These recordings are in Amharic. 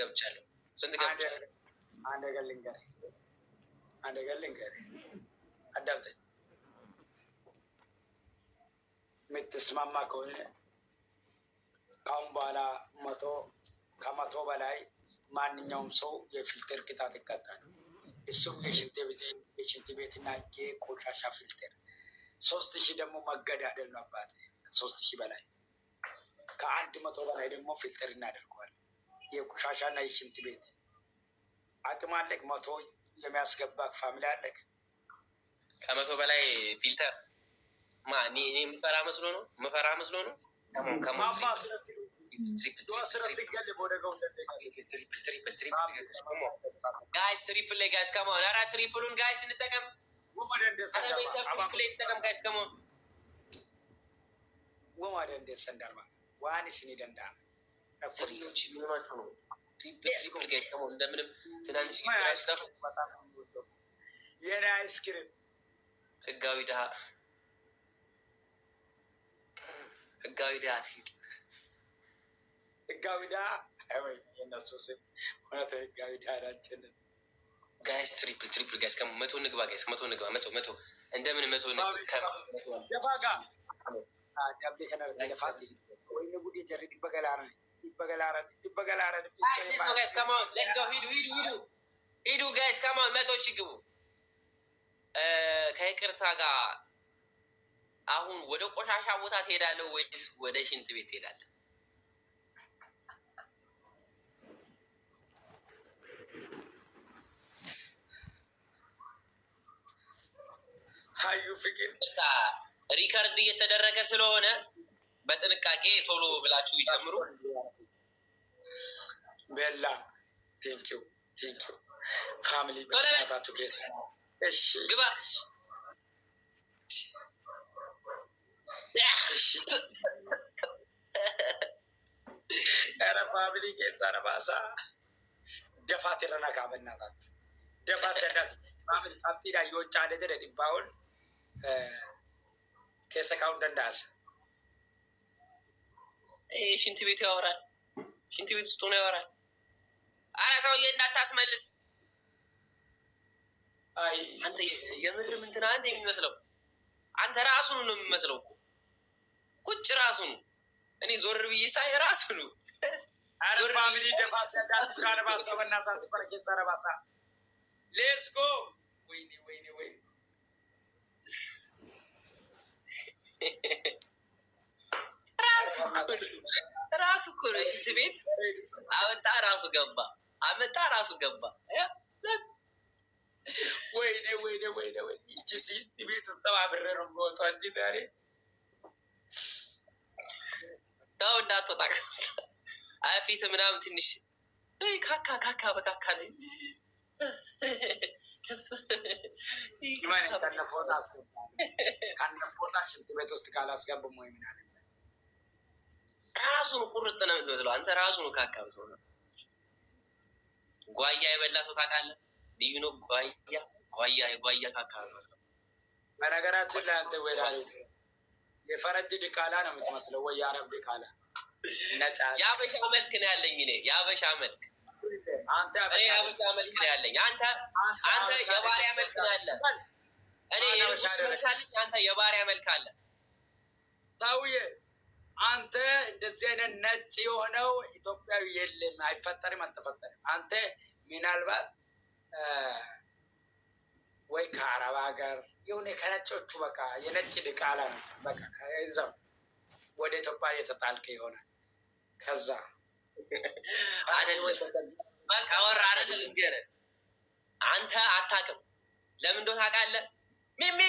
ገብቻለሁ? ስንት ገብቻለሁ? አንድ ነገር ልንገርህ፣ አዳምጠኝ። የምትስማማ ከሆነ ከአሁን በኋላ መቶ ከመቶ በላይ ማንኛውም ሰው የፊልተር ቅጣት ይቀጣል። እሱም የሽንት ቤትና የቆሻሻ ፊልተር ሶስት ሺህ ደግሞ መገዳደል ነው አባት ከሶስት ሺህ በላይ ከአንድ መቶ በላይ ደግሞ ፊልተር እናደርገዋለን። የቆሻሻና የሽንት ቤት አቅም አለክ መቶ የሚያስገባ ፋሚሊ አለክ ከመቶ በላይ ፊልተር እኔ የምፈራ መስሎ ነው ምፈራ መስሎ ነው ጋይስ ትሪፕል ላይ ጋይስ ከመሆን ኧረ ትሪፕሉን ጋይስ እንጠቀም ቤተሰብ ትሪፕል ጋይስ ከመሆን ወማ ደንደሰ እንዳልማ ዋንስ ደንዳ ሰልዮች የሚሆናቸው ነው። እንደምንም ትናንሽ የኔ አይስክሪም ህጋዊ ድሃ ህጋዊ ድሃ ትሄድ ህጋዊ ድሃ ስም ህጋዊ ድሃ ጋይስ ትሪፕል ትሪፕል ጋይስ ከመቶ ንግባ ጋይስ መቶ ንግባ መቶ መቶ እንደምን መቶ ደፋ ጋ ደፋ ወይ ንጉድ የጀርድ በገላ ነው ይበገላረን ሂዱ ጋይስ ከማን መቶ ሺህ ግቡ። ከይቅርታ ጋር አሁን ወደ ቆሻሻ ቦታ ትሄዳለህ ወይስ ወደ ሽንት ቤት ትሄዳለህ? ሪከርድ እየተደረገ ስለሆነ በጥንቃቄ ቶሎ ብላችሁ ይጨምሩ። በላ ዩ ቴንኪው ዩ ፋሚሊ በታታችሁ ጌት እሺ፣ ግባ ኧረ ፋሚሊ ጌት አረባሳ ደፋት የለና ካበናታት ደፋት ሰዳት ፋሚሊ ካፕቲዳ የወጫ ደደደ ዲባውን ከሰካውን ደንዳስ ሽንት ቤት ያወራል ሽንት ቤት ውስጥ ሆኖ ያወራል። አረ ሰውዬ እንዳታስመልስ። አይ አንተ የምርም ምንትን አንተ የሚመስለው አንተ ራሱን ነው የሚመስለው እኮ ቁጭ ራሱ ነው። እኔ ዞር ብዬ ሳይ ራሱ ነው። ሌስኮ ወይኔ ወይኔ ራሱ ገባ አመጣ ራሱ ገባ። ወይኔ ወይኔ ወይኔ ወይኔ ይቺ ሲት ቤት ሰባ ነው ወጣ እንጂ ዛሬ ተው እንዳትወጣ አፊት ምናምን ትንሽ ካካ ካካ በካካ ፎጣ ሽንት ቤት ውስጥ ካላስገባም ወይ ምናምን ራሱ ቁርጥ ነው የምትመስለው አንተ ራሱ ነው ካካ ሰው ነው ጓያ የበላ ሰው ታውቃለህ? ልዩ ነው። ጓያ ጓያ የጓያ ካካል መስለው በነገራችን ላይ አንተ ወይ የፈረንጅ ድቃላ ነው የምትመስለው፣ ወይ የአረብ ድቃላ። የአበሻ መልክ ነው ያለኝ እኔ የአበሻ መልክ አንተ የአበሻ መልክ ነው ያለኝ። አንተ አንተ የባሪያ መልክ ነው ያለ። እኔ የንጉስ መልክ አለኝ፣ አንተ የባሪያ መልክ አለ ሰውዬ አንተ እንደዚህ አይነት ነጭ የሆነው ኢትዮጵያዊ የለም፣ አይፈጠርም፣ አልተፈጠርም። አንተ ምናልባት ወይ ከአረብ ሀገር የሆነ ከነጮቹ በቃ የነጭ ድቃላ ነው በቃ ከዛም ወደ ኢትዮጵያ የተጣልከ ይሆናል። ከዛ በቃ ወራ አደለ ልንገርህ፣ አንተ አታውቅም። ለምን እንደው ታውቃለህ ሚሚ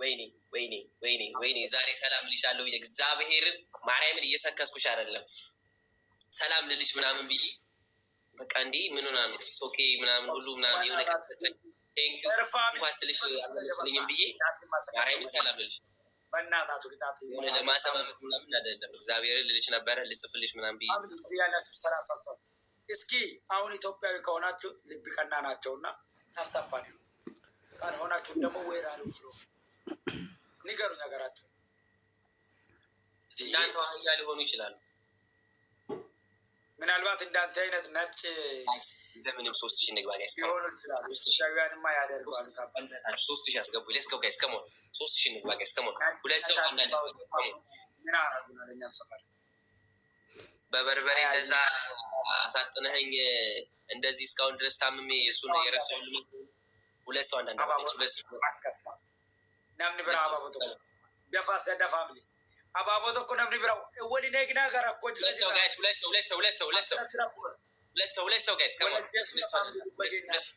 ወይኔ ወይኔ ወይኔ ወይኔ ዛሬ ሰላም ልጅ አለው እግዚአብሔርን ማርያምን እየሰከስኩሽ አይደለም ሰላም ልልሽ ምናምን ብዬ በቃ እንዲ ምን ሆና ነው ሶኬ ምናምን ሁሉ ምናምን የሆነ ስልሽ አልመለስልኝም ብዬ ማርያምን ሰላም ልልሽ ሆነ ለማሰማመት ምናምን አይደለም እግዚአብሔርን ልልሽ ነበረ ልጽፍልሽ ምናምን ብዬ እስኪ አሁን ኢትዮጵያዊ ከሆናችሁ ልብ ቀና ናቸውና ታፍታፋ ነው ካልሆናችሁም ደግሞ ወይራሉ ስለሆነ ንገሩኝ። ሀገራቸው እንዳንተ አህያ ሊሆኑ ይችላሉ። ምናልባት እንዳንተ አይነት ነጭ እንደምንም ሶስት ሺ ንግባ ሶስት ሺህ አስገቡ ስገቡ ጋይስ ከመሆን ሶስት ሺ ንግባ ጋይስ ሁለት ሰው አንዳንድ በበርበሬ እንደዛ አሳጥነህኝ እንደዚህ እስካሁን ድረስ ታምሜ እሱን የረሳሁት ሁለት ሰው አንዳንድ ሁለት ሰው namni bira abaaboo tokko dafa sadda faamili abaaboo tokko namni bira waliin eegnaa gara akkoo jira jira. Hulet sew hulet sew hulet sew hulet sew hulet sew hulet sew guys come on hulet sew hulet sew guys hulet sew hulet sew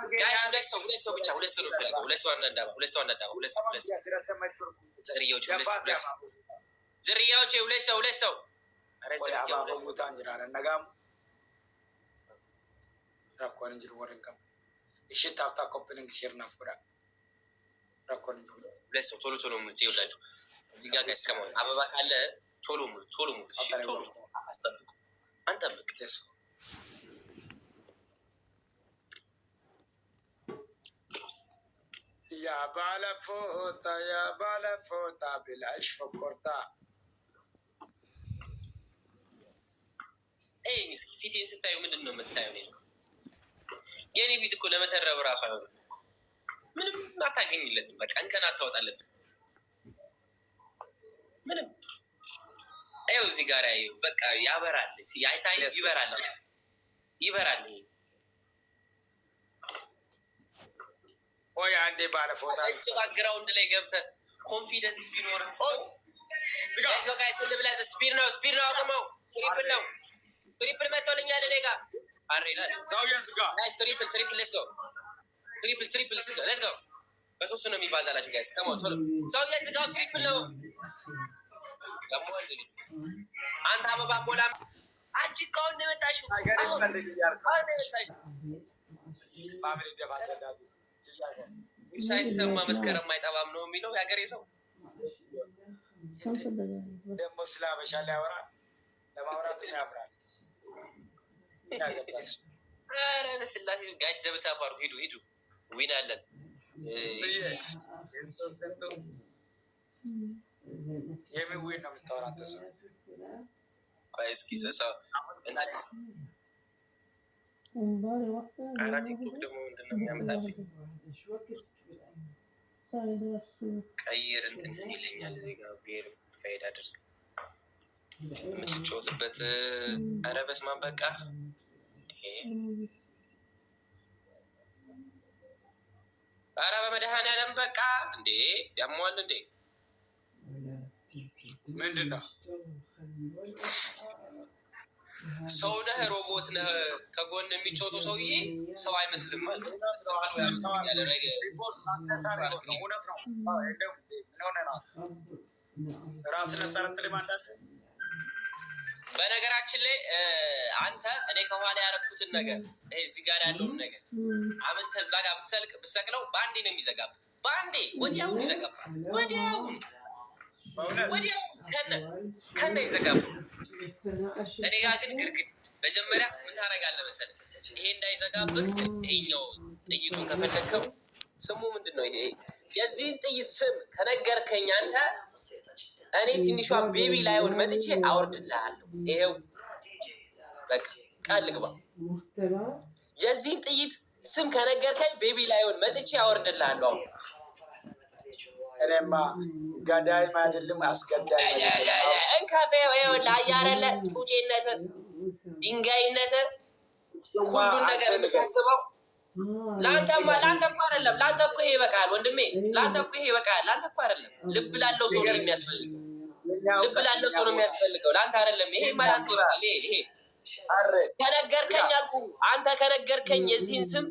ብቻ ሁለት ሰው ነው ፈልገው ሁለት ሰው አናዳባ ሁለት ሰው አናዳባ ሁለት ሰው ሁለት ሰው ዝርያዎች ሁለት ሰው ዝርያዎች ሁለት ሰው ሁለት ሰው ኧረ አባቦ ቦታ እንጅራለን ነጋሙ rakkoon hin jiru warri hin qabu ishee taaptaa koppiniin ishee irraa fuudhaa ሁለት ሰው ቶሎ ቶሎ ይውላችሁ። እዚህ ጋር ከስከመ አበባ ካለ ቶሎ ቶሎ ቶሎ አንጠብቅ ያ ያ ብላሽ ፊቴን ስታዩ ምንድን ነው የምታየው? የኔ ፊት እኮ ለመተረብ ራሱ አይሆንም። ምንም አታገኝለትም። በቃ እንከን አታወጣለት ምንም። ይኸው እዚህ ጋር በቃ ያበራል፣ ይበራል፣ ይበራል። ወይ አንዴ ባለፎታ ባግራውንድ ላይ ገብተ ኮንፊደንስ ቢኖር ስል ብላ ስፒድ ነው ስፒድ ነው አቅመው ትሪፕል ነው ትሪፕል መጥቶልኛል እኔ ጋር ትሪፕል ትሪፕል ሌስ ነው ትሪፕል ትሪፕል ሌትስ ጋው በሶስቱ ነው የሚባዛላቸው ጋይስ ከማ ቶሎ ሰው የዝጋው ትሪፕል ነው አንተ አበባ ሞላ አንቺ ከሁን የመጣሽ ሳይሰማ መስከረም አይጠባም ነው የሚለው የሀገሬ ሰው ደግሞ ስለ አበሻ ሊያወራ ለማውራት ያምራል ያገባሽ ስላሴ ጋይስ ደብታ ፓርኩ ሂዱ ሂዱ ዊን አለን። የሚዊን ነው የምታወራ አንተ ሰው እስኪ ሰው ቲክቶክ ደግሞ ምንድን ነው የሚያመጣብኝ? ቀይር እንትንህን ይለኛል። እዚህ ጋር ብሄር ፋይድ አድርግ የምትጫወትበት። ኧረ በስመ አብ በቃ በመድሃን በመድኃኒዓለም በቃ እንዴ ያሟል እንዴ ምንድን ነው ሰው ነህ ሮቦት ነህ ከጎን የሚጮቱ ሰውዬ ሰው አይመስልም ማለት ነው በነገራችን ላይ አንተ እኔ ከኋላ ያረኩትን ነገር እዚህ ጋር ያለውን ነገር አምን ተዛ ጋር ብሰልቅ ብሰቅለው በአንዴ ነው የሚዘጋብ። በአንዴ ወዲያውን ይዘጋባል። ወዲያውኑ ወዲያውኑ ከነ ከነ ይዘጋብ። እኔ ጋር ግን ግርግድ መጀመሪያ ምን ታደርጋለህ መሰለህ? ይሄ እንዳይዘጋብህ ይኸኛው ጥይቱን ከፈለግከው ስሙ ምንድን ነው? ይሄ የዚህን ጥይት ስም ከነገርከኝ አንተ እኔ ትንሿን ቤቢ ላይሆን መጥቼ አወርድልሃለሁ። ይሄው በቃ ቃል ግባ። የዚህን ጥይት ስም ከነገርከኝ ቤቢ ላይሆን መጥቼ አወርድልሃለሁ። አሁን እኔማ ገዳይም አይደለም አስገዳይ እንካፌ ይኸውልህ፣ አያረለ ጩጬነት፣ ድንጋይነት ሁሉን ነገር የምታስበው ለአንተ ለአንተ እኮ አይደለም። ለአንተ እኮ ይሄ ይበቃል ወንድሜ። ለአንተ እኮ ይሄ ይበቃል። ለአንተ እኮ አይደለም። ልብ ላለው ሰው ነው የሚያስፈልገው። ልብ ላለው ሰው ነው የሚያስፈልገው። ለአንተ አይደለም። ይሄ ማለት ይበቃል። ይሄ ይሄ ከነገርከኝ አልኩ አንተ ከነገርከኝ የዚህን ስም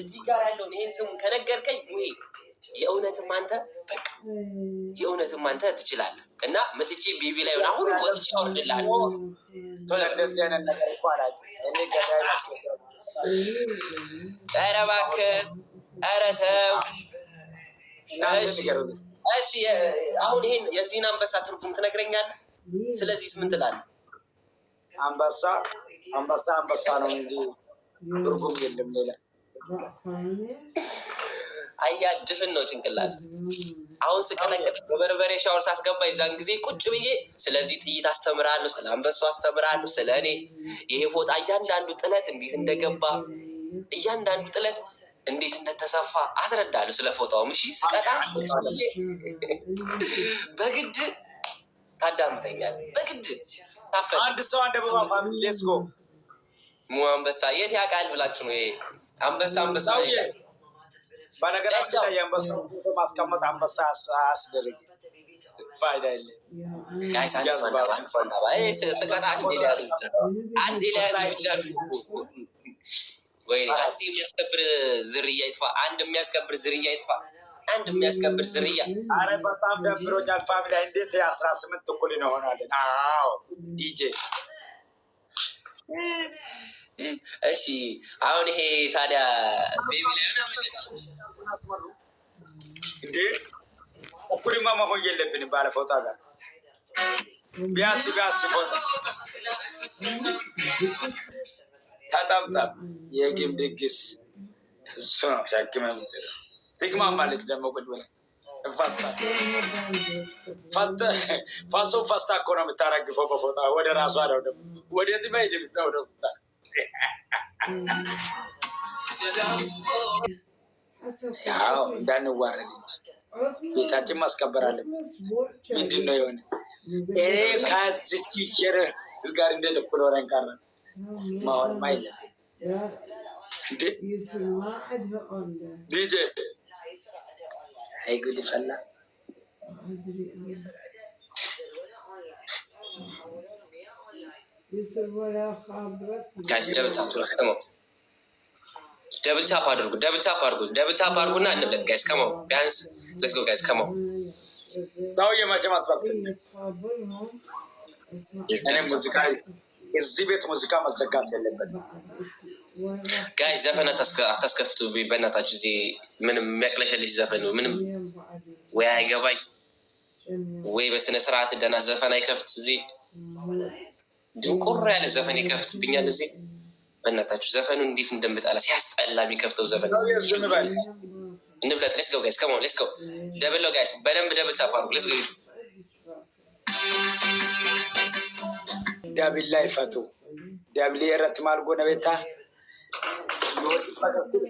እዚህ ጋር ያለውን ይሄን ስሙን ከነገርከኝ ወይ የእውነትም አንተ በቃ የእውነትም አንተ ትችላለህ እና መጥቼ ቤቢ ላይ ሆነ አሁን ወጥቼ ቶሎ እንደዚህ አይነት ነገር እኔ ኧረ እባክህ ኧረ ተው። እሺ አሁን ይሄን የዚህን አንበሳ ትርጉም ትነግረኛለህ? ስለዚህ ምን ትላለህ? አንበሳ አንበሳ አንበሳ ነው እንጂ ትርጉም የለም ሌላ። አያድፍን ነው ጭንቅላት አሁን ስቀለቅጥ በበርበሬ ሻወር ሳስገባ የዛን ጊዜ ቁጭ ብዬ ስለዚህ ጥይት አስተምራሉ፣ ስለ አንበሳው አስተምራሉ፣ ስለ እኔ ይሄ ፎጣ እያንዳንዱ ጥለት እንዴት እንደገባ እያንዳንዱ ጥለት እንዴት እንደተሰፋ አስረዳለሁ። ስለ ፎጣውም እሺ፣ ስቀጣ ቁጭ ብዬ በግድ ታዳምተኛል፣ በግድ ታፈ አንድ ሰው አንድ በባ ፋሚሊ ሌስኮ አንበሳ የት ያውቃል ብላችሁ ነው ይሄ አንበሳ አንበሳ በነገራችን ላይ የአንበሳ ማስቀመጥ አንበሳ አስደርግ ፋይዳ የለ አሁን ይሄ ታዲያ ቤቢ ላይ ሆነ እንዴ እኩልማ መሆን የለብንም። ባለፎጣ ጋር ቢያንስ ጋር ስፎጣ ተጠምጣ የግም ድግስ እሱ ነው ሸክመ ትግማማለች ደግሞ ቁጭ ብለህ ፋሶን ፋስታ እኮ ነው የምታረግፈው በፎጣ ወደ ራሷ ነው ደግሞ ወደ ዚማ ሄድ የምታወደው ያው እንዳንዋረድ እንጂ ቤታችን ማስከበር አለብን። ምንድን ነው የሆነ እኔ ሸር ጋር እንደ ልኩል ቀረ አይለም ዲጄ ፈላ ጋሽ ደብል ታፕ አድርጉ፣ ደብል ታፕ አድርጉ፣ ደብል ታፕ አድርጉ እና እንብለት ጋይስ ከማው ቢያንስ ለስ ጎ ጋይስ ከማው ሰው የመጨማት ሙዚቃ እዚህ ቤት ሙዚቃ መዘጋት የለበትም ጋይስ። ዘፈን አታስከፍቱ በእናታችሁ። እዚህ ምንም የሚያቅለሸልሽ ዘፈን ምንም ወይ አይገባኝ ወይ በስነ ስርዓት ደህና ዘፈን አይከፍት እዚህ ድንቁር ያለ ዘፈን ይከፍትብኛል እዚህ በእናታችሁ ዘፈኑ እንዴት እንደምጣላ ሲያስጠላ የሚከፍተው ዘፈን። እንብለት ሌስ ጋይስ ከማ ሌስ ደብል ነው ጋይስ፣ በደንብ ደብል ታፕ አድርጉ። ሌስ ደብል ላይ ፈቱ። ዳብል የረት ማልጎ ነቤታ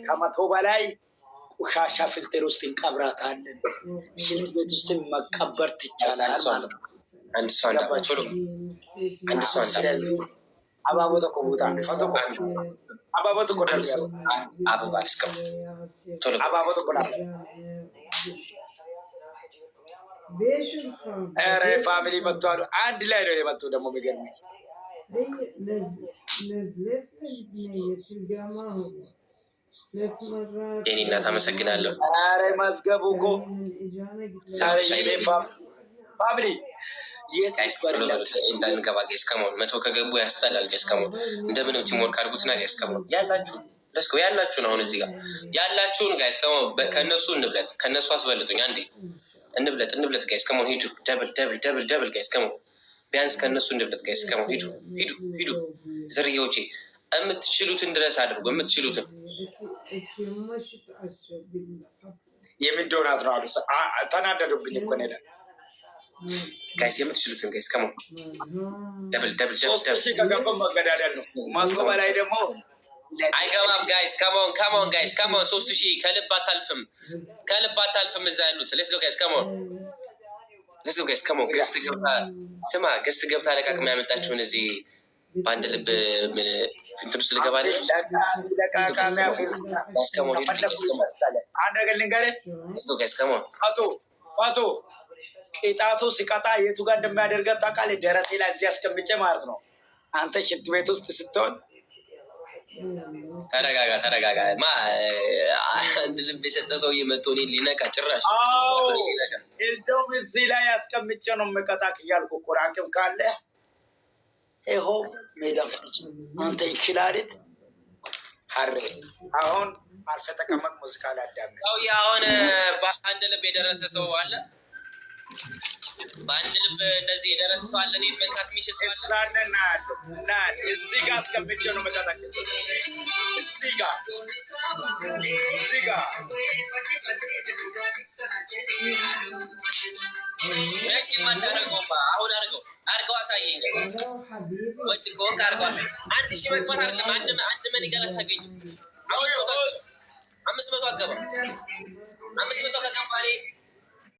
ከመቶ በላይ ቆሻሻ ፍልተር ውስጥ እንቀብራታለን። ሽንት ቤት ውስጥ መቀበር ትቻላል ማለት ነው። አንድ ሰው አንድ አንዳ ስለዚህ Abaaboo tokko buutaan tokko abaaboo tokko darbisuu ababaas qabu. Abaaboo tokko ኧረ ፋሚሊ መጥቷል። አንድ ላይ ነው የመጡ ደግሞ የሚገርም የኔ እናት አመሰግናለሁ። ኧረ መዝገቡ እኮ ፋሚሊ የት ስባላንገባ ጋስከመሆን መቶ ከገቡ ያስጠላል። ጋስከመሆን እንደምንም ቲምወርክ አድርጉትና ጋስከመሆን ያላችሁ ለስከ ያላችሁን አሁን እዚህ ጋር ያላችሁን ጋስከመሆን ከእነሱ እንብለት፣ ከእነሱ አስበልጡኝ አንዴ እንብለት፣ እንብለት ጋስከመሆን ሂዱ፣ ደብል ደብል ደብል ደብል ጋስከመሆን ቢያንስ ከእነሱ እንብለት ጋስከመሆን ሂዱ፣ ሂዱ፣ ሂዱ ዝርያዎቼ የምትችሉትን ድረስ አድርጉ። የምትችሉትን የምንደሆን ዶናት ተናደዱብኝ እኮ ነው ጋይስ የምትችሉትን ጋይስ ከሞ ደብል ደብል ደግሞ አይገባም ጋይስ ከሞን ከሞን ጋይስ ከሞን ሶስት ሺህ ከልብ አታልፍም፣ ከልብ አታልፍም። እዛ ያሉት ሌስ ጎ ጋይስ ከሞን ሌስ ጎ ጋይስ ከሞን ገስት ገብታ ስማ፣ ገስት ገብታ ለቃቅም ያመጣችሁን እዚህ በአንድ ልብ ፍንትኑ ስለገባ ጋይስ ከሞን ሄዱ ጋይስ ከሞን ጋይስ ከሞን ቅጣቱ ሲቀጣ የቱ ጋር እንደሚያደርገን ታውቃለህ? ደረቴ ላይ እዚህ አስቀምጬ ማለት ነው። አንተ ሽንት ቤት ውስጥ ስትሆን ተረጋጋ፣ ተረጋጋ። አንድ ልብ የሰጠ ሰው መቶ እኔን ሊነቃ ጭራሽ እንደውም እዚህ ላይ አስቀምጬ ነው የምቀጣህ እያልኩ እኮ አቅም ካለ ይኸው ሜዳ ፈርሱ። አንተ ይችላልት ሀሬ አሁን አልፈ ተቀመጥ ሙዚቃ ላዳምጥ። ሰውዬ አሁን በአንድ ልብ የደረሰ ሰው አለ በአንድ ልብ እንደዚህ የደረሰ ሰው አለ። እኔን የሚችል ሰው አለ። እና እዚህ ጋር አስቀምጬ ነው መታታት። እዚህ ጋር እዚህ ጋር መቼ የማታደርገውማ አሁን አድርገው አድርገው አሳየኝ። ወድ ከወቅ አድርገዋል። አንድ ሺህ መግባት አይደለም አንድ መኒ ጋር አታገኝም። አምስት መቶ አገባ አምስት መቶ ከገባ